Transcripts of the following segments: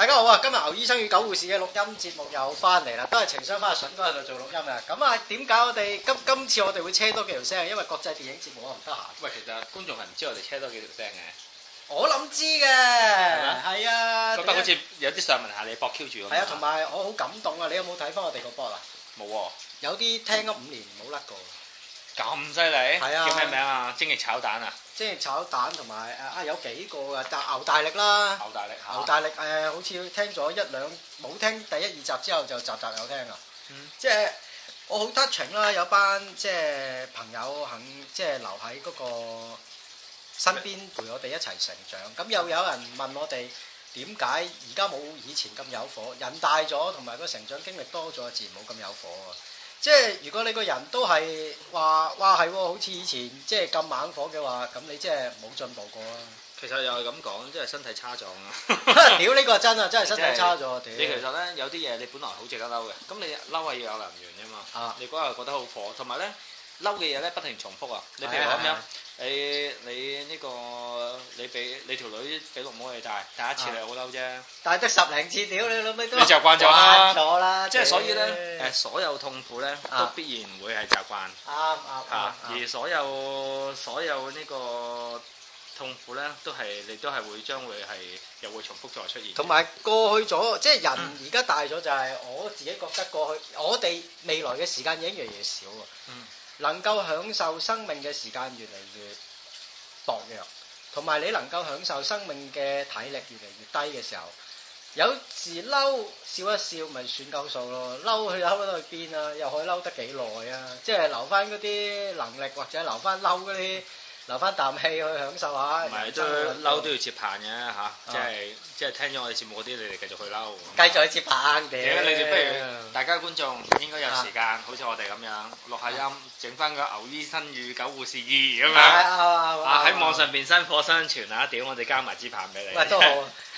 大家好啊！今日牛醫生與狗護士嘅錄音節目又翻嚟啦，都係情商翻阿順哥喺度做錄音啊！咁啊，點解我哋今今次我哋會車多幾條聲？因為國際電影節目我唔得閒。喂，其實觀眾係唔知我哋車多幾條聲嘅。我諗知嘅，係啊。覺得好似有啲想問下你搏橋住咁。係啊，同埋我好感動啊！你有冇睇翻我哋個 blog 啊？冇。有啲聽咗五年冇甩過。咁犀利？係啊。叫咩名啊？蒸氣炒蛋啊？即係炒蛋同埋誒啊有幾個啊，大牛大力啦，牛大力牛大力，誒、啊呃、好似聽咗一兩冇聽第一二集之後就集集有聽啊。嗯、即係我好得情啦，有班即係朋友肯即係留喺嗰個身邊陪我哋一齊成長，咁、嗯、又有人問我哋點解而家冇以前咁有火，人大咗同埋個成長經歷多咗自然冇咁有，有火啊。即係如果你個人都係話哇係好似以前即係咁猛火嘅話，咁你即係冇進步過啦。其實又係咁講，即係身體差咗啊！屌 呢 個真啊，真係身體差咗啊！我屌 你其實呢有啲嘢你本來好值得嬲嘅，咁你嬲係要有能源啫嘛。啊！你嗰日覺得好火，同埋呢。嬲嘅嘢咧，不停重複啊！你譬如我咁樣，你你呢個你俾你條女俾老母你帶，第一次你好嬲啫，但係得十零次屌你老味都習慣咗啦。即係所以咧，誒所有痛苦咧都必然會係習慣。啱啱嚇而所有所有呢個痛苦咧，都係你都係會將會係又會重複再出現。同埋過去咗，即係人而家大咗就係我自己覺得過去我哋未來嘅時間已經越嚟越少。嗯。能夠享受生命嘅時間越嚟越薄弱，同埋你能夠享受生命嘅體力越嚟越低嘅時候，有時嬲笑一笑咪算夠數咯，嬲佢又嬲得去邊啊？又可以嬲得幾耐啊？即係留翻嗰啲能力，或者留翻嬲嗰啲。留翻啖氣去享受下，唔係都嬲都要接棒嘅嚇、啊啊就係，即係即係聽咗我哋節目嗰啲，你哋繼續去嬲，繼續去接棒嘅、啊吧啊。你哋不如大家觀眾、啊、應該有時間，好似、啊、我哋咁樣錄下音，整翻個牛醫生與狗護士二咁樣。啊喺、啊啊啊啊、網上面薪火相傳好 啊！屌我哋加埋支棒俾你。喂，都好。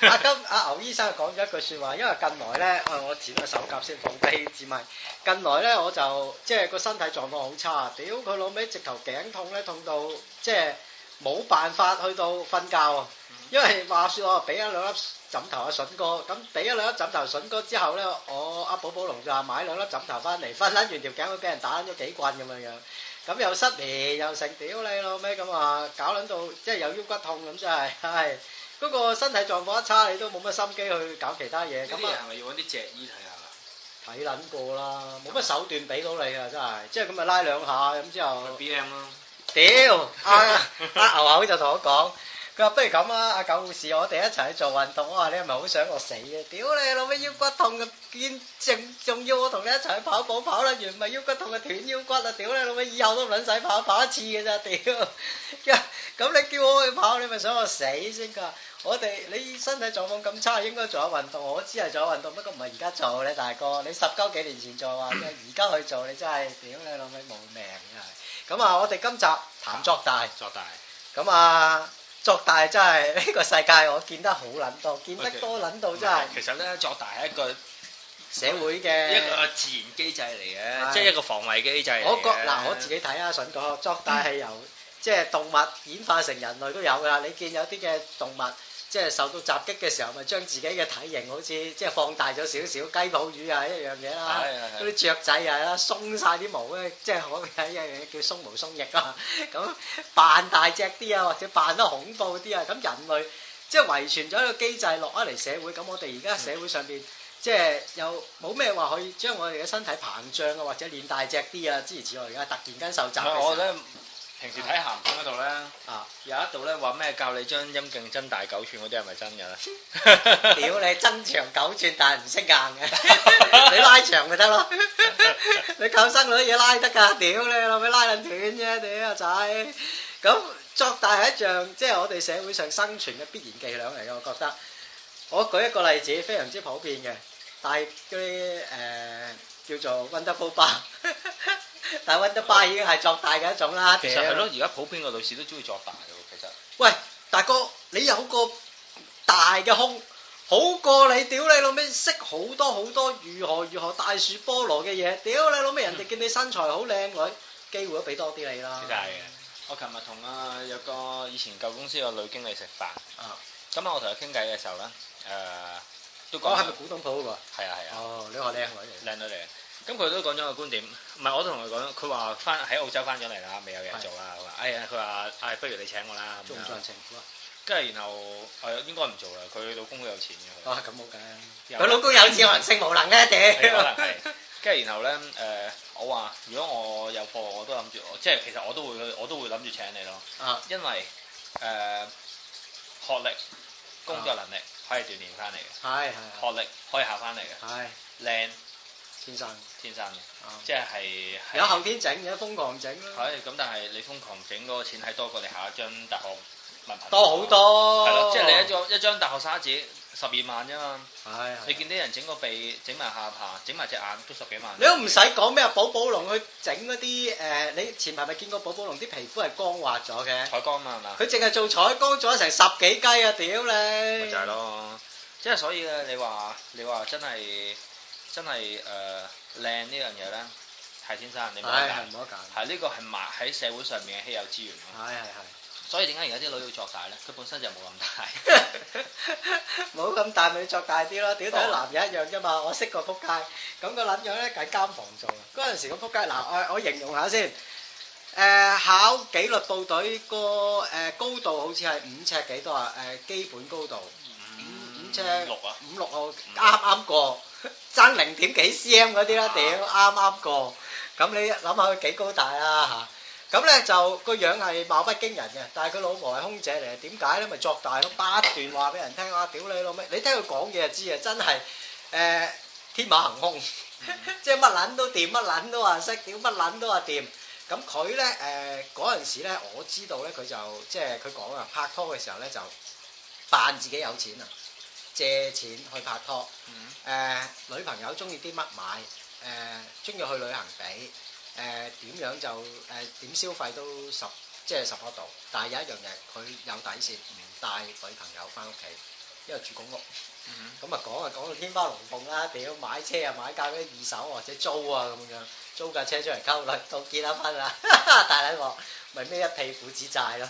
阿金阿牛醫生講咗一句説話，因為近來咧、啊，我剪個手甲先放低啲字，近來咧，我就即係個身體狀況好差，屌佢老尾直頭頸痛咧痛到～即係冇辦法去到瞓覺啊，因為話說我啊俾咗兩粒枕頭阿筍哥，咁俾咗兩粒枕頭筍哥之後咧，我阿寶寶龍就話買兩粒枕頭翻嚟，瞓捻完條頸都俾人打捻咗幾棍咁樣樣，咁又失眠又成屌你老咩咁啊，搞捻到即係有腰骨痛咁真係，係嗰、嗰個身體狀況一差，你都冇乜心機去搞其他嘢，咁啊係咪要搵啲只醫睇下睇體捻過啦，冇乜手段俾到你啊，真係，嗯、即係咁啊拉兩下咁之後。去 B M 啦。屌，阿牛牛就同我講，佢話不如咁啊，阿狗護士我哋一齊去做運動啊，我話你係咪好想我死啊？屌 你老味腰骨痛啊，兼仲仲要我同你一齊去跑步，跑得完咪腰骨痛啊，斷腰骨啊！屌你老味以後都唔撚使跑跑一次嘅咋？屌，咁你叫我去跑，你咪想我死先㗎？我哋你身體狀況咁差，應該做下運動，我知係做下運動，不過唔係而家做咧，大哥，你十鳩幾年前做話啫，而家去做你真係屌 你老味冇命啊！咁啊！我哋今集談作大，作大咁啊！作大真係呢個世界我見得好撚多，Okay. 見得多撚到真係。其實咧，作大係一個社會嘅一個自然機制嚟嘅，即係是一個防衞嘅機制。我覺嗱，我自己睇啊，信個作大係由 即係動物演化成人類都有㗎。你見有啲嘅動物。即係受到襲擊嘅時候，咪將自己嘅體型好似即係放大咗少少，雞泡魚啊一樣嘢啦，嗰啲雀仔啊，鬆晒啲毛咧，即係可能係一樣嘢叫鬆毛鬆翼啊，咁扮大隻啲啊，或者扮得恐怖啲啊，咁人類即係遺傳咗一個機制落啊嚟社會，咁我哋而家社會上邊、嗯、即係又冇咩話可以將我哋嘅身體膨脹啊，或者練大隻啲啊諸如此類，而家突然間受襲嘅時。平時睇鹹片嗰度咧，有一度咧話咩教你將陰莖增大九寸嗰啲係咪真噶？屌你增長九寸，但係唔識硬嘅，你拉長咪得咯，你靠生女嘢拉得噶，屌你老味拉撚斷啫，屌仔，咁作大係一樣即係我哋社會上生存嘅必然伎倆嚟嘅，我覺得。我舉一個例子，非常之普遍嘅，但係嗰啲誒叫做 Wonderbra。 但係溫德已經係作大嘅一種啦，其實係咯，而家普遍個女士都中意作大嘅喎，其實。喂，大哥，你有個大嘅胸，好過你屌你老味識好多好多如何如何大樹菠蘿嘅嘢，屌你老味人哋見你身材好靚女，機會都俾多啲你啦。就係嘅，我琴日同啊有個以前舊公司個女經理食飯，咁啊、嗯、我同佢傾偈嘅時候咧，誒、呃、都講。哦，係咪古董鋪嗰個？係啊，係啊。啊哦，你學靚女嚟。靚女嚟。咁佢都講咗個觀點，唔係我都同佢講，佢話翻喺澳洲翻咗嚟啦，未有嘢做啦，佢話，哎呀，佢話，哎，不如你請我啦，咁樣，跟住然後，誒應該唔做啦，佢老公都有錢嘅，咁好，佢老公有錢，可能性無能嘅，一屌，可能係，跟住然後咧，誒，我話如果我有貨，我都諗住，即係其實我都會，我都會諗住請你咯，因為誒學歷、工作能力可以鍛鍊翻嚟嘅，係係，學歷可以考翻嚟嘅，係，靚。天生，天生嘅，即係有後天整，有瘋狂整。係，咁但係你瘋狂整嗰個錢係多過你下一張大學文憑多好多，係咯，即係你一張一張大學沙紙十二萬啫嘛。係。你見啲人整個鼻，整埋下巴，整埋隻眼都十幾萬。你都唔使講咩，寶寶龍去整嗰啲誒，你前排咪見過寶寶龍啲皮膚係光滑咗嘅彩光嘛係嘛？佢淨係做彩光做咗成十幾雞啊！屌你咪就係咯，即係所以啊，你話你話真係。真係誒靚呢樣嘢咧，係先生你冇得揀，係呢個係埋喺社會上面嘅稀有資源咯。係係係。所以點解而家啲女要作大咧？佢本身就冇咁大，冇咁大咪要作大啲咯。屌同啲男人一樣啫嘛！我識個撲街，咁個撚樣咧喺監房做。嗰陣時個撲街，嗱我我形容下先。誒考紀律部隊個誒高度好似係五尺幾多啊？誒基本高度五五尺五六啊，五六我啱啱過。爭零點幾 CM 嗰啲啦，屌啱啱過，咁你諗下佢幾高大啊嚇，咁、啊、咧就個樣係貌不驚人嘅，但係佢老婆係空姐嚟，點解咧？咪作大咯，不斷話俾人聽啊，屌你老味，你聽佢講嘢就知啊，真係誒、呃、天馬行空，即係乜撚都掂，乜撚都話識，屌乜撚都話掂，咁佢咧誒嗰陣時咧，我知道咧，佢就即係佢講啊，拍拖嘅時候咧就扮自己有錢啊。借錢去拍拖，誒、呃、女朋友中意啲乜買，誒中意去旅行俾，誒、呃、點樣就誒點、呃、消費都十即係、就是、十個度，但係有一樣嘢佢有底線，唔帶女朋友翻屋企，因為住公屋，咁啊講啊講到天花龍鳳啦，要買車啊買架啲二手或者租啊咁樣，租架車出嚟溝啦，到結婚啦，大禮鑊，咪孭一屁股子債咯。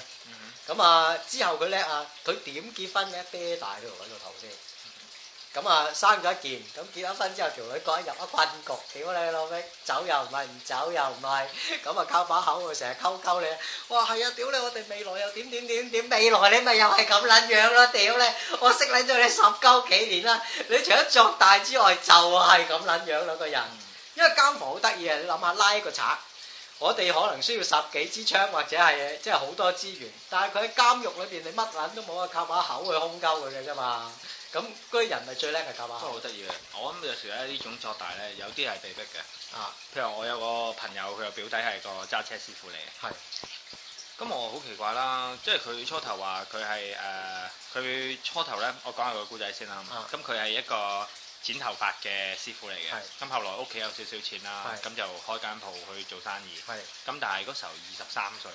咁啊，之後佢叻啊，佢點結婚嘅啤大佢同嗰度頭先，咁啊生咗一件，咁結咗婚之後，條女過咗入咗困局，屌你老味，走又唔係，唔走又唔係，咁啊靠把口啊，成日溝溝你，哇係啊，屌你，我哋未來又點點點點，未來你咪又係咁撚樣咯、啊，屌你，我識撚咗你十鳩幾年啦，你除咗作大之外，就係咁撚樣咯、啊、兩個人，因為監房好得意啊，你諗下拉個賊。我哋可能需要十幾支槍，或者係即係好多資源，但係佢喺監獄裏邊，你乜撚都冇啊，靠把口去恐鳩佢嘅啫嘛。咁嗰人咪最叻係靠把口啊！都好得意嘅。我諗有時咧呢種作大咧，有啲係被迫嘅。啊、嗯，譬如我有個朋友，佢個表弟係個揸車師傅嚟嘅。係是。咁我好奇怪啦，即係佢初頭話佢係誒，佢、呃、初頭咧，我講下個故仔先啦。啊、嗯。咁佢係一個。剪頭髮嘅師傅嚟嘅，咁後來屋企有少少錢啦，咁就開間鋪去做生意。咁但係嗰時候二十三歲，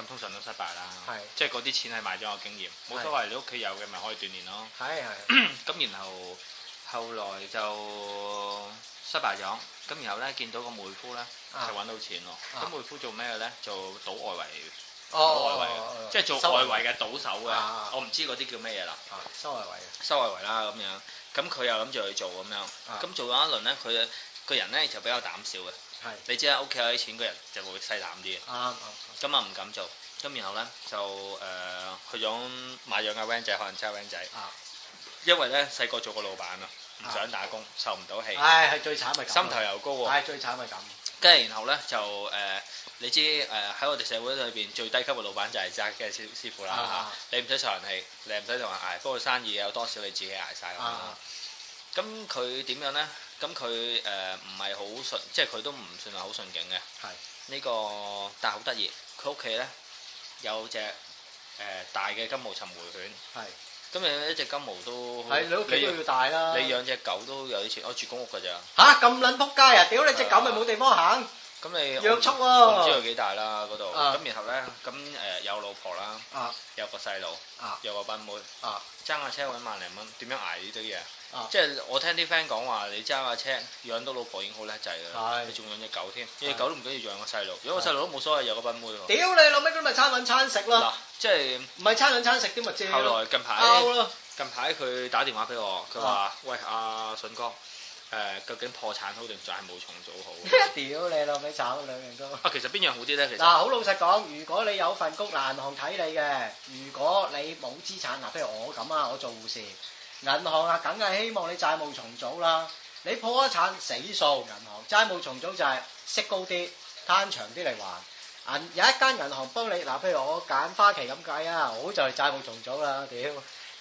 咁通常都失敗啦，即係嗰啲錢係賣咗我經驗，冇所謂。你屋企有嘅咪可以鍛鍊咯。咁然後後來就失敗咗，咁然後呢，見到個妹夫呢，就揾到錢咯。咁妹夫做咩呢？做賭外圍，賭外圍，即係做外圍嘅賭手嘅。我唔知嗰啲叫咩嘢啦。收外圍，收外圍啦，咁樣。咁佢又諗住去做咁樣，咁、啊、做咗一輪咧，佢個人咧就比較膽小嘅，是你知啦，屋企有啲錢，個人就會細膽啲嘅。啱啱咁啊唔、啊啊、敢做，咁然後咧就誒、呃、去咗買咗個 van 仔，可能揸 van 仔，啊、因為咧細個做過老闆咯，唔想打工，啊、受唔到氣，係係、哎、最慘係咁，心頭又高喎、啊，係、哎、最慘係咁，跟住然後咧就誒。呃你知誒喺我哋社會裏邊最低級嘅老闆就係宅嘅師師傅啦嚇，你唔使受人氣，你唔使同人挨，不過生意有多少你自己挨晒。咁佢點樣咧？咁佢誒唔係好順，即係佢都唔算話好順境嘅。係呢個，但係好得意，佢屋企咧有隻誒大嘅金毛尋回犬。係，咁樣一隻金毛都係你屋企都要大啦。你養隻狗都有啲似我住公屋㗎咋？吓，咁撚仆街啊！屌你隻狗咪冇地方行。咁你養畜喎，唔知佢幾大啦嗰度。咁然後咧，咁誒有老婆啦，有個細路，有個賓妹，揸架車揾萬零蚊，點樣捱呢堆嘢？即係我聽啲 friend 講話，你揸架車養到老婆已經好叻仔啦，你仲養隻狗添，隻狗都唔緊要，養個細路，養個細路都冇所謂，有個賓妹喎。屌你，老味都咪餐揾餐食咯。嗱，即係唔係餐揾餐食啲咪啫。後來近排，近排佢打電話俾我，佢話：喂，阿信哥。誒，究竟破產好定仲係債務重組好？屌你老味，炒兩樣都啊！其實邊樣好啲咧？其實嗱，好老實講，如果你有份工，銀行睇你嘅；如果你冇資產，嗱，譬如我咁啊，我做護士，銀行啊，梗係希望你債務重組啦。你破咗產死數，銀行債務重組就係息高啲、攤長啲嚟還。銀有一間銀行幫你，嗱，譬如我揀花旗咁計啊，我就係債務重組啦。屌，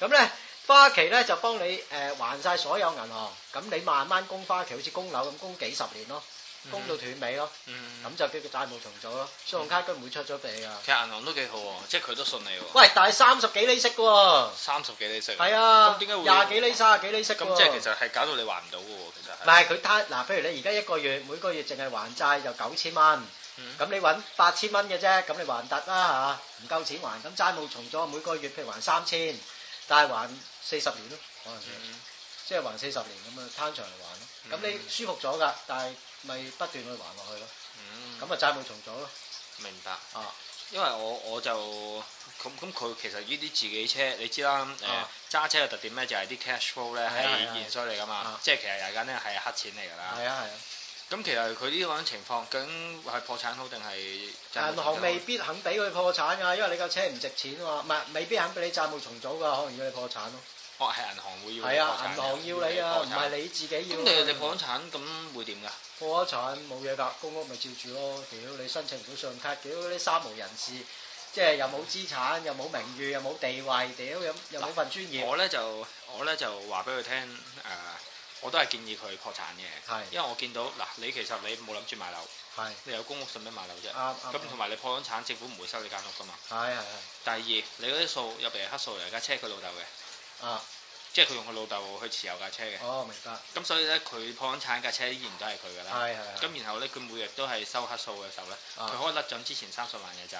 咁咧。花期旗咧，就幫你誒，還晒所有銀行，咁你慢慢供花旗，好似供樓咁供幾十年咯，供到斷尾咯，咁就叫做債務重組咯。信用卡根本唔會出咗俾你噶。其實銀行都幾好，即係佢都信你。喂，但係三十幾厘息喎。三十幾厘息。係啊。咁點解會廿幾厘、卅幾厘息？咁即係其實係搞到你還唔到嘅，其實係。但係佢攤嗱，譬如你而家一個月每個月淨係還債就九千蚊，咁你搵八千蚊嘅啫，咁你還唔得啦吓？唔夠錢還，咁債務重組每個月譬如還三千，但係還四十年咯，可能即係還四十年咁啊，攤長嚟還咯。咁你舒服咗㗎，但係咪不斷去還落去咯？咁啊，債務重組咯。明白啊，因為我我就咁咁佢其實呢啲自己車，你知啦誒，揸車嘅特點咧就係啲 cash flow 咧係現收嚟㗎嘛，即係其實大家咧係黑錢嚟㗎啦。係啊係啊。咁其實佢呢種情況，究竟係破產好定係銀行未必肯俾佢破產㗎，因為你架車唔值錢啊嘛，唔係未必肯俾你債務重組㗎，可能要你破產咯。我係銀行會要係啊，銀行要你啊，唔係你自己要。你你破產咁會點㗎？破產冇嘢㗎，公屋咪照住咯。屌你申請唔到信用卡，屌嗰啲三無人士，即係又冇資產，又冇名譽，又冇地位，屌咁又冇份專業。我咧就我咧就話俾佢聽誒，我都係建議佢破產嘅，係因為我見到嗱，你其實你冇諗住買樓，係你有公屋先俾買樓啫。咁同埋你破產，政府唔會收你間屋㗎嘛。係係係。第二，你嗰啲數入啲係黑數人家車佢老豆嘅。啊！即係佢用佢老豆去持有架車嘅。哦，明白。咁所以咧，佢破產架車依然都係佢噶啦。係係。咁然後咧，佢每日都係收黑數嘅時候咧，佢可以甩漲之前三十萬嘅債。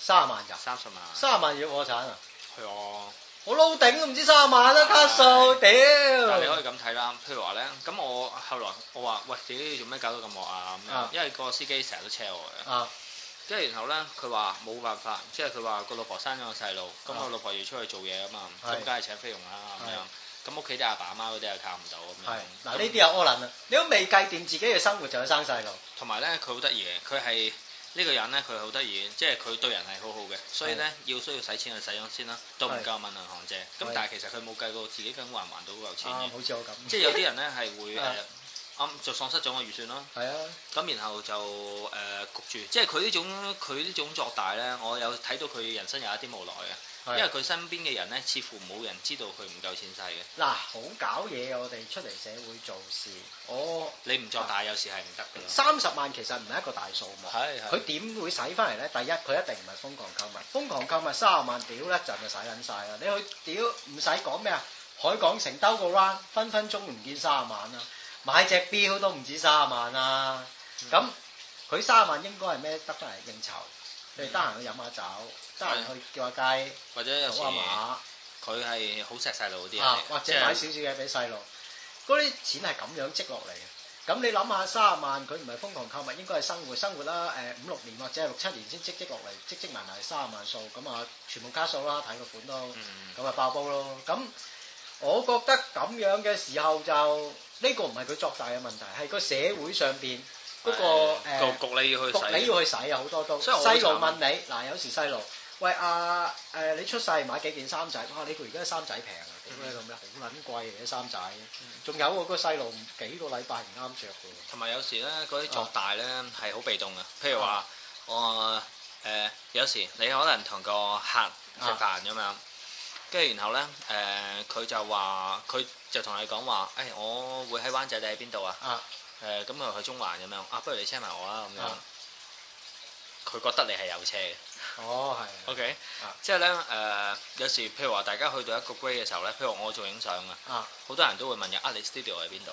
三十萬就三十萬。三十萬,萬,萬要破產啊？係 我。我撈頂都唔知三十萬啦，啊，卡數屌！ 但你可以咁睇啦，譬如話咧，咁我後來我話喂，屌做咩搞到咁惡啊咁樣？啊、因為個司機成日都車我嘅。啊即係然後咧，佢話冇辦法，即係佢話個老婆生咗個細路，咁我老婆要出去做嘢啊嘛，咁梗係請菲傭啦咁樣，咁屋企啲阿爸阿媽嗰啲又靠唔到，咁係嗱呢啲又柯難啦，你都未計掂自己嘅生活就去生細路。同埋咧，佢好得意嘅，佢係呢個人咧，佢好得意，即係佢對人係好好嘅，所以咧要需要使錢去使用先啦，都唔夠問銀行借，咁但係其實佢冇計過自己梗還唔還到嗰嚿錢，好似我咁，即係有啲人咧係會。啱、嗯、就喪失咗我預算咯。係是啊，咁然後就誒焗、呃、住，即係佢呢種佢呢種作大咧，我有睇到佢人生有一啲無奈嘅，是啊、因為佢身邊嘅人咧，似乎冇人知道佢唔夠錢使嘅。嗱，好搞嘢啊！我哋出嚟社會做事，我你唔作大，有時係唔得㗎。三十是、啊、萬其實唔係一個大數目，係佢點會使翻嚟咧？第一，佢一定唔係瘋狂購物，瘋狂購物三十萬屌咧就嘅使緊晒啦！你去屌唔使講咩啊？海港城兜個 round，分分鐘唔見三十萬啦～買隻表都唔止卅萬啊！咁佢卅萬應該係咩？得翻嚟應酬，嗯、你哋得閒去飲下酒，得閒去叫下雞，或者有次，佢係好錫細路啲，或者買少少嘢俾細路，嗰啲錢係咁樣積落嚟嘅。咁你諗下卅萬，佢唔係瘋狂購物，應該係生活生活啦。誒、呃，五六年或者係六七年先積積落嚟，積積埋埋三十萬數，咁啊全部加數啦，睇個款都，咁啊、嗯、爆煲咯，咁。嗯我覺得咁樣嘅時候就呢、呢個唔係佢作大嘅問題，係個社會上邊嗰個誒、呃，局你要去洗，你要去洗啊好多都。所以細路問你嗱、啊，有時細路喂阿誒、啊啊，你出世買幾件衫仔哇？你而家衫仔平啊，點解咁嘅好撚貴嘅衫仔？仲、嗯啊啊、有個細路幾個禮拜唔啱着嘅。同埋有，有時咧，嗰啲作大咧係好被動嘅。譬如話、啊、我誒、啊，有時你可能同個客食飯咁樣。啊嗯跟住然後咧，誒、呃、佢就話，佢就同你講話，誒、哎、我會喺灣仔你喺邊度啊？誒咁啊、呃、去中環咁樣，啊不如你車埋我啦咁樣。佢、啊、覺得你係有車嘅。哦，係。OK、啊。即係咧，誒、呃、有時譬如話大家去到一個 grade 嘅時候咧，譬如我做影相啊，好多人都會問啊，你 studio 喺邊度？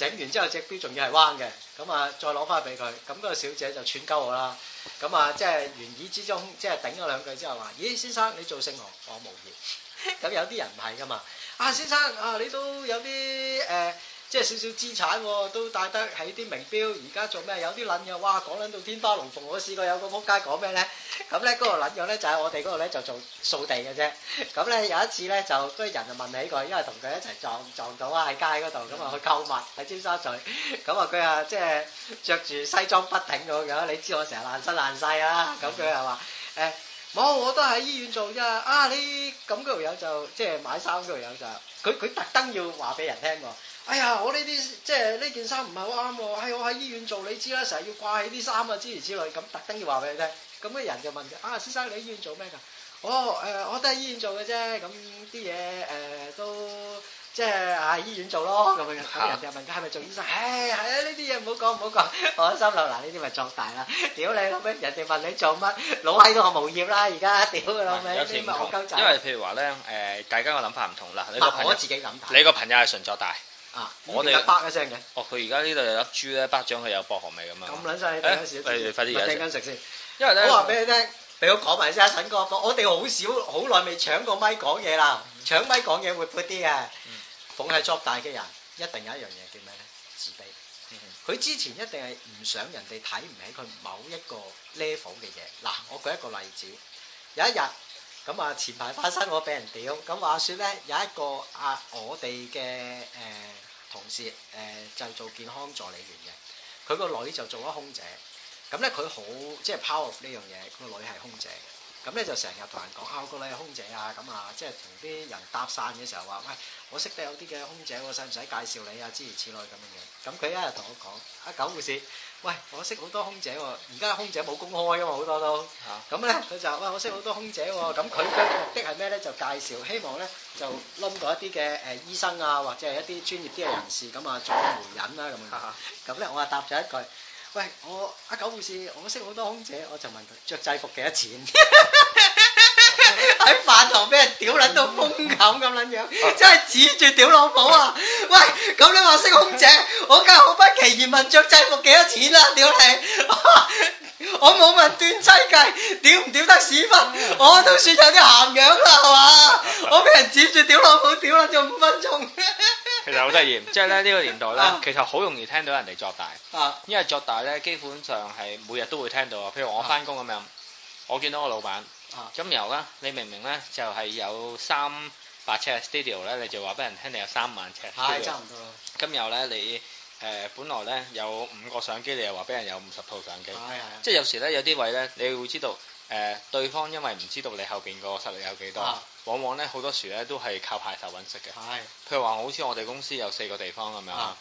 整完之後隻錶仲要係彎嘅，咁啊再攞翻俾佢，咁、那、嗰個小姐就串鳩我啦。咁啊即係言語之中，即係頂咗兩句之後話：咦，先生你做聖王，我無言。咁有啲人唔係噶嘛，啊先生啊你都有啲誒。呃即係少少資產喎，都帶得起啲名錶。而家做咩？有啲撚樣，哇，講撚到天花龍鳳。我試過有個撲街講咩咧？咁咧嗰個撚樣咧就喺我哋嗰度咧就做掃地嘅啫。咁咧有一次咧就嗰啲人就問起佢，因為同佢一齊撞撞到喺街嗰度，咁啊去購物喺尖沙咀，咁啊佢啊即係著住西裝筆挺咁樣。你知我成日爛身爛世啊，咁佢又話誒冇，我都喺醫院做啫。啊，你咁嗰條友就即係買衫嗰條友就，佢佢特登要話俾人聽喎。哎呀，我呢啲即係呢件衫唔係好啱喎。我喺醫院做，你知啦，成日要掛起啲衫啊，之如之類。咁特登要話俾你聽。咁嘅人就問啊，先生你喺醫院做咩噶？哦，誒、呃，我都喺醫院做嘅啫。咁啲嘢誒都即係喺、啊、醫院做咯。咁樣，人哋問佢係咪做醫生？唉、哎、係、哎、啊，呢啲嘢唔好講，唔好講。 我心諗嗱，呢啲咪作大啦。屌你老味，人哋問你做乜？老喺度我無業啦，而家屌你老味。因為譬如話咧，誒、呃，大家個諗法唔同啦。你我自己諗你個朋友係純作大。啊！我哋噏一聲嘅，哦佢而家呢度有粒珠咧，噏咗佢有薄荷味咁啊！咁撚犀利，你快啲嚟，快啲嚟，等陣食先。因為咧，我話俾你聽，俾我講埋先，阿陳哥，我我哋好少好耐未搶過麥講嘢啦，搶麥講嘢會潑啲嘅。嗯，凡係作大嘅人，一定有一樣嘢叫咩咧？自卑。嗯。佢之前一定係唔想人哋睇唔起佢某一個 level 嘅嘢。嗱，我舉一個例子，有一日。咁啊，前排發生我俾人屌。咁話說咧，有一個啊，我哋嘅誒同事誒、呃、就做健康助理員嘅，佢個女就做咗空姐。咁咧佢好即係 power 呢樣嘢，個女係空姐。咁咧就成日同人講啊，個女係空姐啊，咁啊，即係同啲人搭訕嘅時候話，喂，我識得有啲嘅空姐，我使唔使介紹你啊？諸如此類咁樣嘅。咁佢一日同我講啊，狗護士。喂，我識好多空姐喎、啊，而家空姐冇公開㗎、啊、嘛，好多都。咁咧佢就，喂，我識好多空姐喎、啊，咁佢嘅目的係咩咧？就介紹，希望咧就揾到一啲嘅誒醫生啊，或者係一啲專業啲嘅人士咁啊做媒人啦咁，咁咧、啊、我啊答咗一句，喂，我阿、啊、九護士，我識好多空姐，我就問佢着制服幾多錢？ 喺飯堂俾人屌撚到瘋狗咁撚樣，真係指住屌老母啊！喂，咁你話識空姐，我梗係毫不歧視問着制服幾多錢啊？屌你！我冇問斷軋計，屌唔屌得屎忽，我都算有啲涵養啦，係嘛？我俾人指住屌老母，屌撚咗五分鐘。其實好得意，即係咧呢、呢個年代咧，啊、其實好容易聽到人哋作大。啊！因為作大咧，基本上係每日都會聽到啊。譬如我翻工咁樣，啊、我見到我老闆。咁又啦，你明明咧就係、是、有三百尺 studio 咧，你就話俾人聽你有三萬尺 studio。哎、係，差唔多。咁又咧，你誒、呃、本來咧有五個相機，你又話俾人有五十套相機。哎哎、即係有時咧，有啲位咧，你會知道誒、呃、對方因為唔知道你後邊個實力有幾多，啊、往往咧好多時咧都係靠排頭揾食嘅。係、哎。譬如話，好似我哋公司有四個地方咁樣。啊。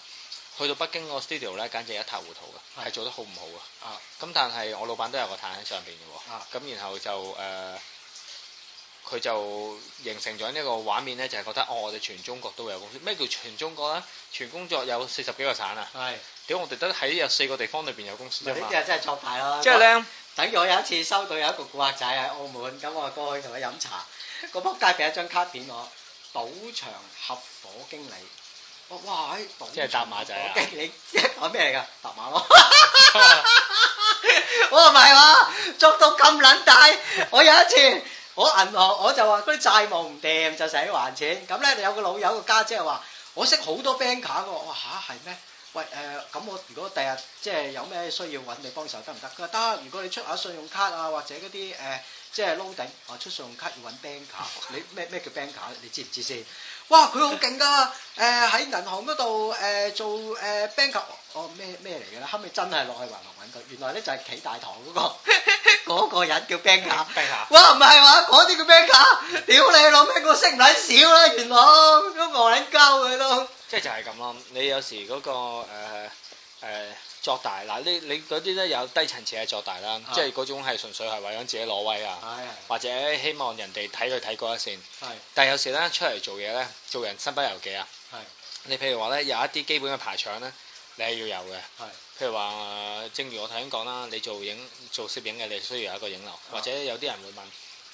去到北京個 studio 咧，簡直一塌糊塗啊！係是的 做得好唔好啊？啊！咁但係我老闆都有個炭喺上邊嘅喎。啊！咁然後就誒，佢、呃、就形成咗呢個畫面咧，就係、是、覺得哦，我哋全中國都有公司。咩叫全中國啊？全工作有四十幾個省啊！係。屌，我哋都喺有四個地方裏邊有公司啫嘛。呢啲係真係作派咯。即係是咧，嗯、等於我有一次收到有一個顧客仔喺澳門，咁我過去同佢飲茶，個撲街俾一張卡片我，賭場合夥經理。哇！哎，即係搭馬仔啊！你即係講咩嚟噶？搭馬咯！ 我唔係喎，捉到咁撚大！我有一次，我銀行我就話嗰啲債務唔掂就使還錢。咁咧就有個老友個家姐話：我識好多 bank 卡嘅。吓？係咩？喂誒，咁我如果第日即係有咩需要揾你幫手得唔得？佢話得。如果你出下信用卡啊，或者嗰啲誒即係 loaning，出信用卡要揾 bank 卡。你咩咩叫 bank 卡？你知唔知先？哇！佢好勁噶，誒喺銀行嗰度誒做誒、呃、banker 哦咩咩嚟嘅？啦，後尾真係落去銀行揾佢，原來咧就係企大堂嗰、嗰個嗰 個人叫 banker、欸。哇！唔係嘛，嗰啲叫 banker 屌你老咩個識唔撚少啦，元朗都戇撚交佢咯。即係就係咁咯，你有時嗰、嗰個、呃誒、呃、作大嗱，你你嗰啲咧有低層次嘅作大啦，啊、即係嗰種係純粹係為咗自己攞威啊，是是是或者希望人哋睇佢睇過一線。係，是是 但係有時咧出嚟做嘢咧，做人身不由己啊。係。是是 你譬如話咧，有一啲基本嘅排場咧，你係要有嘅。係。是是 譬如話、呃，正如我頭先講啦，你做影做攝影嘅，你需要有一個影樓，啊、或者有啲人會問誒。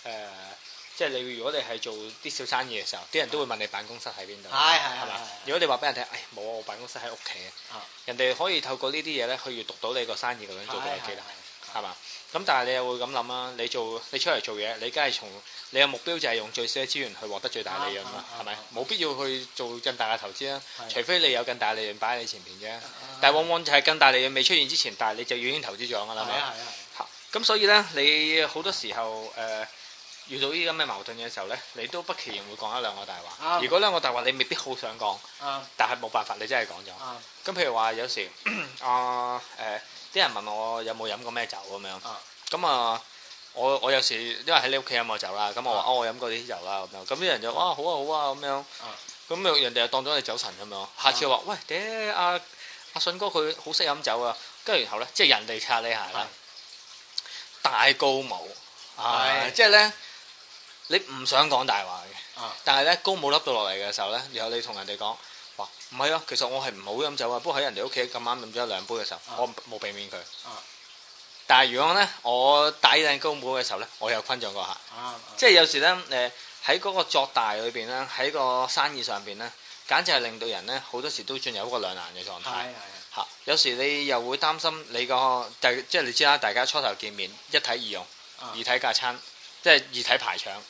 呃即係你，如果你係做啲小生意嘅時候，啲人都會問你辦公室喺邊度。係係係，係嘛？如果你話俾人聽，誒冇啊，我辦公室喺屋企啊。人哋可以透過呢啲嘢咧，去閱讀到你個生意咁樣做到幾大，係嘛？咁但係你又會咁諗啊，你做你出嚟做嘢，你梗係從你嘅目標就係用最少嘅資源去獲得最大利潤啊嘛？係咪？冇必要去做更大嘅投資啊。除非你有更大嘅利潤擺喺你前面啫。但係往往就係更大利潤未出現之前，但係你就已經投資咗㗎啦嘛。係啊係啊。咁所以咧，你好多時候誒，遇到呢啲咁嘅矛盾嘅時候呢，你都不期然會講一兩個大話。如果兩個大話你未必好想講，但係冇辦法，你真係講咗。咁譬如話有時阿誒啲人問我有冇飲過咩酒咁樣，咁啊我我有時因為喺你屋企飲過酒啦，咁我話哦我飲過啲酒啦咁樣，咁啲人就哇好啊好啊咁樣，咁啊人哋又當咗你酒神咁樣。下次又話喂阿阿信哥佢好識飲酒啊，跟住然後呢，即係人哋擦你鞋啦，大高帽，係即係咧。你唔想講大話嘅，啊、但係咧高帽笠到落嚟嘅時候咧，然後你同人哋講哇唔係啊，其實我係唔好飲酒啊，不過喺人哋屋企咁啱飲咗兩杯嘅時候，啊、我冇避免佢。啊、但係如果咧我戴呢頂高帽嘅時候咧，我又昆咗個客。啊啊、即係有時咧誒喺嗰個作大裏邊咧，喺個生意上邊咧，簡直係令到人咧好多時都進入一個兩難嘅狀態。係有時你又會擔心你個第，即、就、係、是、你知啦，大家初頭見面一睇二用，二睇架親。即係二體排場，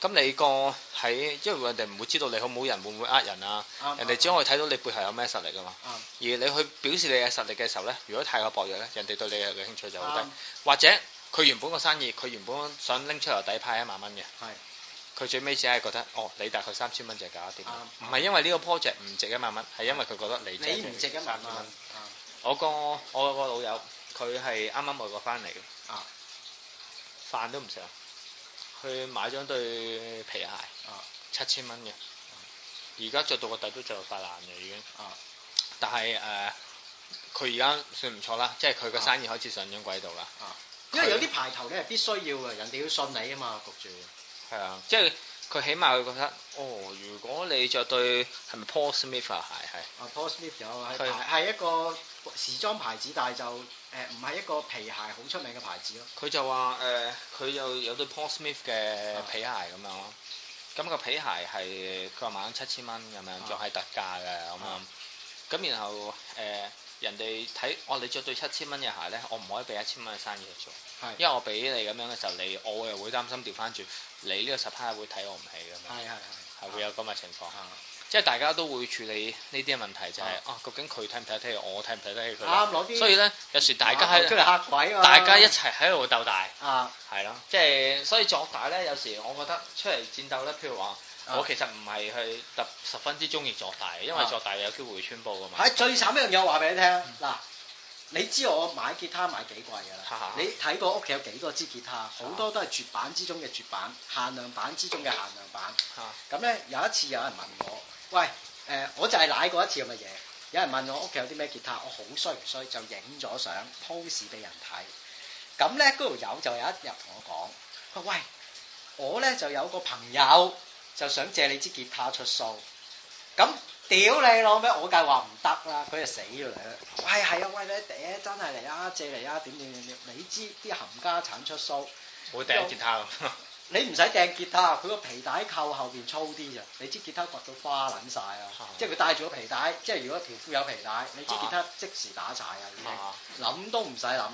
咁是你個喺，因為人哋唔會知道你好冇人會唔會呃人啊。嗯、人哋只可以睇到你背後有咩實力㗎嘛，嗯、而你去表示你嘅實力嘅時候咧，如果太過薄弱咧，人哋對你嘅興趣就好低，嗯、或者佢原本個生意，佢原本想拎出嚟底牌一萬蚊嘅，佢是最尾只係覺得，哦，你大概三千蚊就搞得掂。唔係、嗯、因為呢個 project 唔值一萬蚊，係、嗯、因為佢覺得你值得你唔值一萬蚊萬、嗯嗯，我個我個老友佢係啱啱外國翻嚟嘅，飯、啊、都唔食。去買咗對皮鞋，啊，七千蚊嘅，而家着到個底都着到發爛嘅已經，啊，但係誒，佢而家算唔錯啦，啊，即係佢個生意開始上咗軌道啦，啊，他因為有啲牌頭咧係必須要嘅，人哋要信你啊嘛，焗住，係啊，啊，即係。佢起碼佢覺得，哦，如果你着對係咪 Paul Smith 鞋，啊，係？哦，uh, Paul Smith 有係係他一個時裝牌子，但係就誒唔係一個皮鞋好出名嘅牌子咯。佢就話誒，佢，呃，又有對 Paul Smith 嘅皮鞋咁樣，咁，uh, 個皮鞋係佢話買七千蚊，咁樣仲係特價嘅咁樣，咁，uh, 然後誒。呃人哋睇我，你着對七千蚊嘅鞋咧，我唔可以俾一千蚊嘅生意去做，係，因為我俾你咁樣嘅時候，你我又會擔心掉翻轉，你呢個十匹會睇我唔起咁樣，係係係，會有咁嘅情況，即係大家都會處理呢啲問題，就係啊，究竟佢睇唔睇得起我，我睇唔睇得起佢，啊，所以咧有時大家喺，出嚟吓鬼大家一齊喺度鬥大，啊，係咯，即係所以作大咧，有時我覺得出嚟戰鬥咧，譬如話。啊、我其實唔係去特十分之中意作大，因為作大有機會會穿煲噶嘛。係、啊、最慘一樣嘢，我話俾你聽，嗱，你知我買吉他買幾貴噶啦？啊、你睇過屋企有幾多支吉他？好、啊、多都係絕版之中嘅絕版，限量版之中嘅限量版。咁咧、啊、有一次有人問我，喂，誒、呃，我就係瀨過一次咁嘅嘢。有人問我屋企有啲咩吉他，我好衰，唔衰，就影咗相，post 俾人睇。咁咧，嗰條友就有一日同我講：喂，我咧就有個朋友。就想借你支吉他出數，咁屌你老咩！我梗係話唔得啦，佢就死咗嚟啦。喂係啊，喂你，屌真係嚟啊，借嚟啊，點點點點，你知啲冚家產出數，會掟吉他咁。 你唔使掟吉他，佢個皮帶扣後邊粗啲嘅，你支吉他刮到花撚晒啊！的即係佢帶住個皮帶，即係如果條褲有皮帶，你支吉他即時打柴啊的已經，諗的的都唔使諗。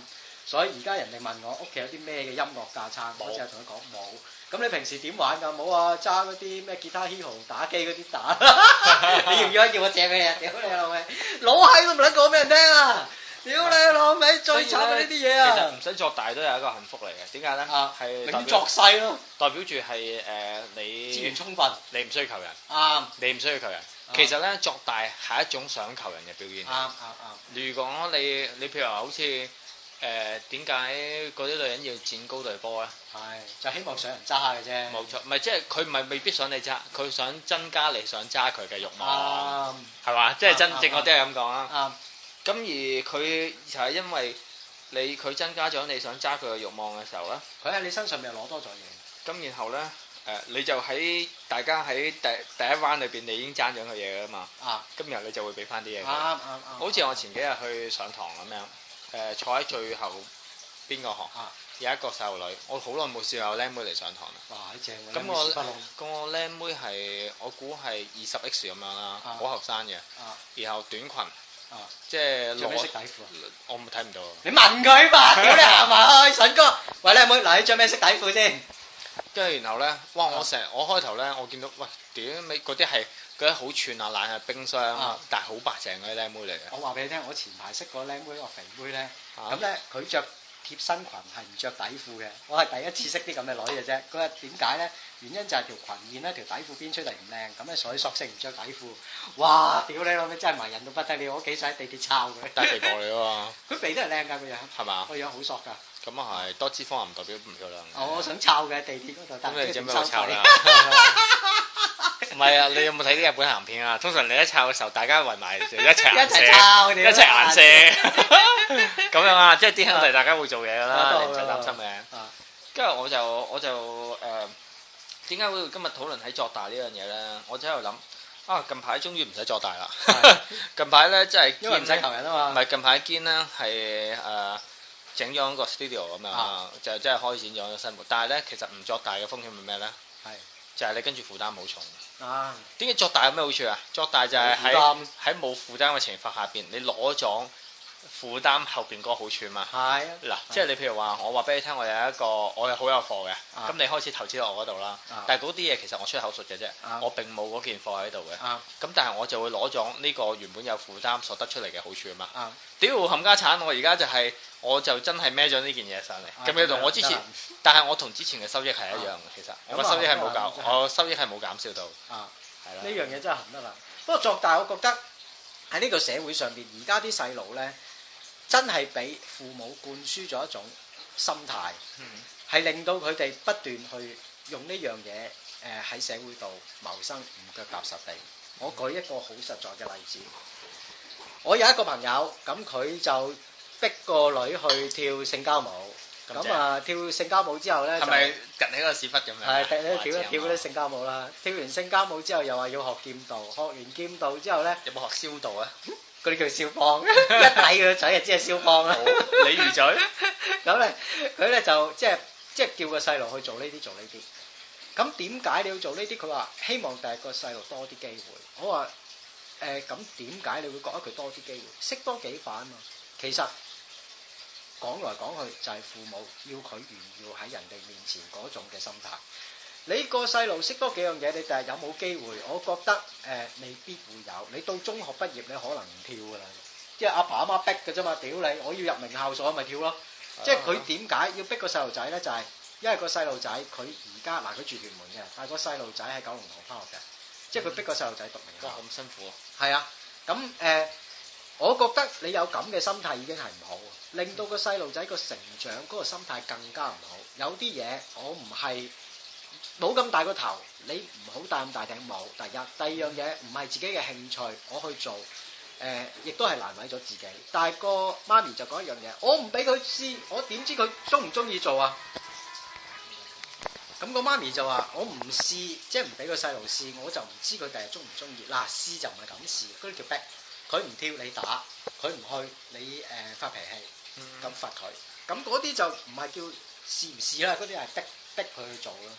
所以而家人哋問我屋企有啲咩嘅音樂架撐，我淨係同佢講冇。咁你平時點玩㗎？冇啊，揸嗰啲咩吉他英雄打機嗰啲打，你要唔要叫我借俾你？啊！屌你老味，老閪都唔想講俾人聽啊！屌你老味，最慘係呢啲嘢啊！其實唔使作大都有一個幸福嚟嘅，點解咧？啊，係。代表作細咯。代表住係誒你資源充分，你唔需要求人。啱。你唔需要求人，其實咧，作大係一種想求人嘅表現。啱啱啱。如果你你譬如話好似。誒點解嗰啲女人要剪高對波咧？係就希望上人揸下嘅啫。冇錯，唔係即係佢唔係未必想你揸，佢想增加你想揸佢嘅欲望，係嘛？即係真正我都係咁講啊。咁而佢就係因為你佢增加咗你想揸佢嘅欲望嘅時候咧，佢喺你身上面攞多咗嘢。咁然後咧誒，你就喺大家喺第第一彎裏邊，你已經揸咗佢嘢噶嘛？啊！今日你就會俾翻啲嘢。啱啱啱。好似我前幾日去上堂咁樣。誒坐喺最後邊個行？有一個細路女，我好耐冇試過有靚妹嚟上堂啦。哇！好正喎！咁我個靚妹係，我估係二十 X 咁樣啦，好後生嘅。然後短裙，即係。著咩色底褲？我冇睇唔到。你問佢嘛？屌你行埋去，神哥！喂，靚妹，嗱，你著咩色底褲先？跟住然後咧，哇！我成日我開頭咧，我見到喂，點？嗰啲係。嗰啲好串啊，冷啊，冰箱，但係好白淨嗰啲僆妹嚟嘅。我話俾你聽，我前排識個僆妹，個肥妹咧，咁咧佢着貼身裙係唔着底褲嘅。我係第一次識啲咁嘅女嘅啫。嗰日點解咧？原因就係條裙面咧，條底褲邊出嚟唔靚，咁咧所以索性唔着底褲。哇！屌你老味，真係迷人到不得了。我幾想喺地鐵抄佢。得地婆嚟喎。佢肥 都係靚㗎個樣。係嘛吧？個樣好索㗎。咁啊係，多脂肪唔代表唔漂亮，哦。我想抄嘅地鐵嗰度，咁你點樣抄啊？唔係 啊！你有冇睇啲日本鹹片啊？通常你一抄嘅時候，大家圍埋一齊一齊抄 一齊顏射咁 樣啊！即係啲兄弟大家會做嘢㗎啦，啊啊啊、你唔使擔心嘅。跟住、啊、我就我就誒點解會今日討論喺作大呢樣嘢咧？我喺度諗啊！近排終於唔使作大啦！ 近排咧即係因為唔使求人啊嘛。唔係近排堅咧，係誒整咗個 studio 咁樣，就即係開展咗個生活。但係咧其實唔作大嘅風險係咩咧？係。就係你跟住負擔冇重，啊，點解作大有咩好處啊？作大就係喺喺冇負擔嘅情況下邊，你攞獎。負擔後邊嗰個好處嘛，係，嗱，即係你譬如話，我話俾你聽，我有一個，我有好有貨嘅，咁你開始投資落我嗰度啦，但係嗰啲嘢其實我出口術嘅啫，我並冇嗰件貨喺度嘅，咁但係我就會攞咗呢個原本有負擔所得出嚟嘅好處啊嘛，屌冚家產，我而家就係我就真係孭咗呢件嘢上嚟，咁你同我之前，但係我同之前嘅收益係一樣嘅，其實，我收益係冇減，我收益係冇減少到，啊，係啦，呢樣嘢真係冚得啦，不過作大，我覺得喺呢個社會上邊，而家啲細路咧。真係俾父母灌輸咗一種心態，係、嗯、令到佢哋不斷去用呢樣嘢誒喺社會度謀生，唔腳踏實地。我舉一個好實在嘅例子，嗯、我有一個朋友，咁佢就逼個女去跳性交舞，咁啊跳性交舞之後咧，係咪趌起個屎忽咁樣？係，跳一跳嗰啲性交舞啦，跳完性交舞之後又話要學劍道，學完劍道之後呢，有冇學刀道啊？佢哋叫蕭邦，一睇佢個嘴啊，即係蕭邦啊，鯉魚嘴。咁咧，佢咧就即係即係叫個細路去做呢啲，做呢啲。咁點解你要做呢啲？佢話希望第日個細路多啲機會。我話誒，咁點解你會覺得佢多啲機會？識多幾反啊嘛。其實講來講去就係父母要佢炫耀喺人哋面前嗰種嘅心態。你個細路識多幾樣嘢，你第日有冇機會？我覺得誒、呃，未必會有。你到中學畢業，你可能唔跳噶啦，即係阿爸阿媽逼嘅啫嘛。屌你，我要入名校所咪跳咯。是啊、即係佢點解要逼個細路仔咧？就係、是、因為個細路仔佢而家嗱，佢、呃、住屯門嘅，但係個細路仔喺九龍塘翻學嘅，嗯、即係佢逼個細路仔讀名校咁、嗯、辛苦。係啊，咁誒、啊呃，我覺得你有咁嘅心態已經係唔好，令到個細路仔個成長嗰個心態更加唔好。有啲嘢我唔係。冇咁大個頭，你唔好戴咁大頂帽。第一，第二樣嘢唔係自己嘅興趣，我去做，誒、呃，亦都係難為咗自己。但係個媽咪就講一樣嘢，我唔俾佢試，我點知佢中唔中意做啊？咁個媽咪就話：我唔試，即係唔俾個細路試，我就唔知佢第日中唔中意。嗱、啊，試就唔係咁試，嗰啲叫逼。佢唔跳你打，佢唔去你誒、呃、發脾氣，咁罰佢。咁嗰啲就唔係叫試唔試啦，嗰啲係逼。逼佢去做咯，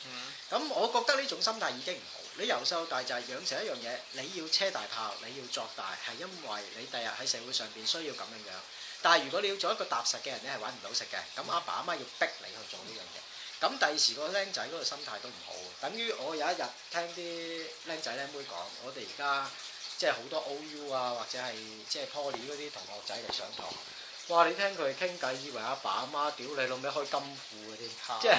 咁我覺得呢種心態已經唔好。你由細到大就係養成一樣嘢，你要車大炮，你要作大，係因為你第日喺社會上邊需要咁樣樣。但係如果你要做一個踏實嘅人，你係揾唔到食嘅。咁阿爸阿媽要逼你去做呢樣嘢，咁第二時個僆仔嗰個心態都唔好。等於我有一日聽啲僆仔僆妹講，我哋而家即係好多 O U 啊，或者係即係 Poly 嗰啲同學仔嚟上堂，哇！你聽佢哋傾偈，以為阿爸阿媽屌你老尾開金庫嘅添，即係、就是。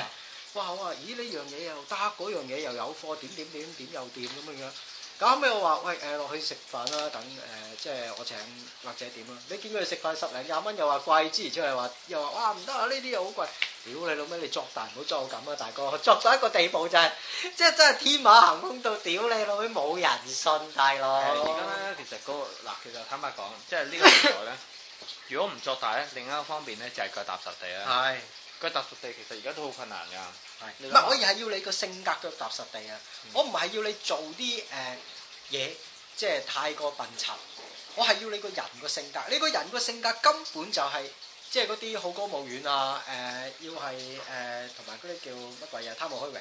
哇，好啊！咦呢樣嘢又得，嗰樣嘢又有貨，點點點點又掂咁樣樣。咁後尾我話：喂誒落、呃、去食飯啦，等誒、呃、即係我請或者點啦。你見佢食飯十零廿蚊又話貴，之前即係話又話哇唔得啊！呢啲又好貴。屌你老味，你作大唔好作到咁啊，大哥！作到一個地步就係、是、即係真係天馬行空到屌你老味冇人信大佬。而家咧，其實嗰、那、嗱、個，其實坦白講，即、就、係、是、呢個年代咧， 如果唔作大咧，另一個方面咧就係腳踏實地啦。係。腳踏實地，其實而家都好困難噶。唔係，我而係要你個性格腳踏實地啊！嗯、我唔係要你做啲誒嘢，即係太過笨柒。我係要你個人個性格。你個人個性格根本就係、是、即係嗰啲好高騖遠啊！誒、呃，要係誒同埋嗰啲叫乜鬼嘢？貪慕虛榮。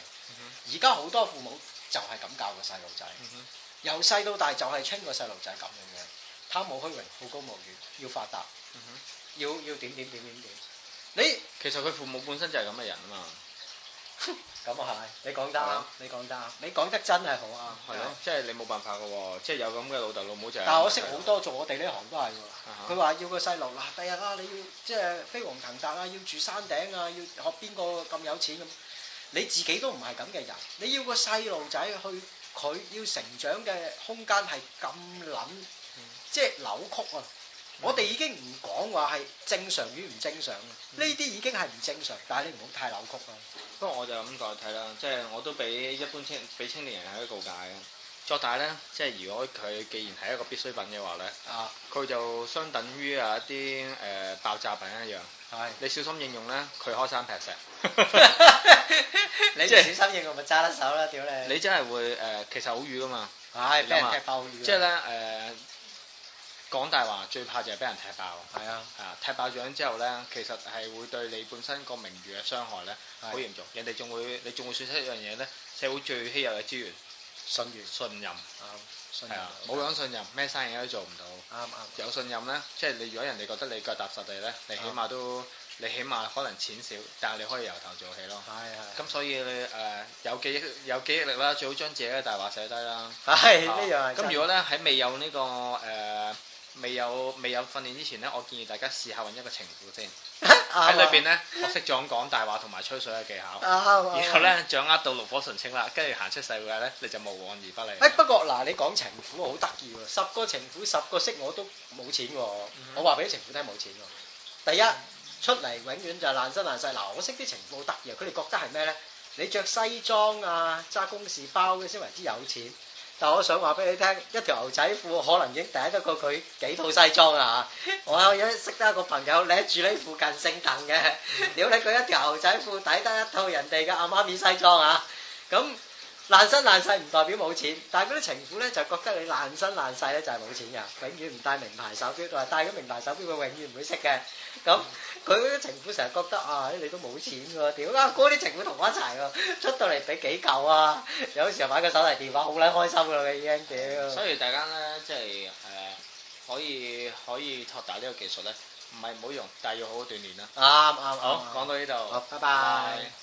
而家好多父母就係咁教個細路仔，嗯、哼由細到大就係 train 個細路仔咁樣，貪慕虛榮，好高騖遠，要發達，嗯、哼要要，要點點點點點。點點點你其實佢父母本身就係咁嘅人啊嘛，咁啊係，你講得，你講得，你講得真係好啊，係咯，即係你冇辦法㗎喎，即係有咁嘅老豆老母就係。但係我識好多做我哋呢行都係喎，佢話、啊、哈要個細路嗱第日啊，啊你要即係飛黃騰達啊要住山頂啊要學邊個咁有錢咁、啊，你自己都唔係咁嘅人，你要個細路仔去佢要成長嘅空間係咁諗，嗯、即係扭曲啊！我哋已經唔講話係正常與唔正常，呢啲已經係唔正常，但係你唔好太扭曲咯。不過我就咁個睇啦，即係我都俾一般青俾青年人喺度告解嘅。作大咧，即係如果佢既然係一個必需品嘅話咧，佢就相等於啊一啲誒爆炸品一樣。係，你小心應用咧，佢開山劈石。啊、你即係小心應用咪揸得手啦，屌你！你真係會誒、呃，其實好瘀噶嘛，係俾人踢爆瘀，即係咧誒。講大話最怕就係俾人踢爆，係啊，踢爆咗之後呢，其實係會對你本身個名譽嘅傷害呢，好嚴重，人哋仲會你仲會損失一樣嘢呢，社會最稀有嘅資源，信譽信任。係啊，冇講信任咩生意都做唔到，啱啱，有信任呢？即係你如果人哋覺得你腳踏實地呢，你起碼都你起碼可能錢少，但係你可以由頭做起咯，係係，咁所以你誒有記有記憶力啦，最好將自己嘅大話寫低啦，係呢樣，咁如果呢，喺未有呢個誒。未有未有訓練之前咧，我建議大家試下搵一個情婦先，喺裏邊咧學識咗握講大話同埋吹水嘅技巧， 然後咧掌握到爐火純青啦，跟住行出社會咧你就無往而不利。哎，不過嗱，你講情婦好得意喎，十個情婦十個識我都冇錢喎，mm hmm. 我話俾啲情婦聽冇錢喎。第一出嚟永遠就爛身爛世，嗱我識啲情婦好得意，佢哋覺得係咩咧？你着西裝啊，揸公事包嘅先為之有錢。但我想話俾你聽，一條牛仔褲可能已經抵得過佢幾套西裝啊！ 我有識得一個朋友，咧住喺附近姓鄧嘅，屌你佢一條牛仔褲抵得一套人哋嘅亞麻棉西裝啊！咁。爛身爛世唔代表冇錢，但係嗰啲情婦咧就覺得你爛身爛世咧就係冇錢噶，永遠唔戴名牌手錶，話戴咗名牌手錶佢永遠唔會識嘅。咁佢啲情婦成日覺得啊、哎，你都冇錢㗎，屌啊，嗰啲情婦同我一齊㗎，出到嚟俾幾嚿啊，有時候買個手提電話好撚開心㗎啦已經，屌、嗯。嗯、所以大家咧即係誒可以可以作大呢個技術咧，唔係唔好用，但係要好好鍛鍊啦。啱啱好講對到呢度，好拜拜。拜拜。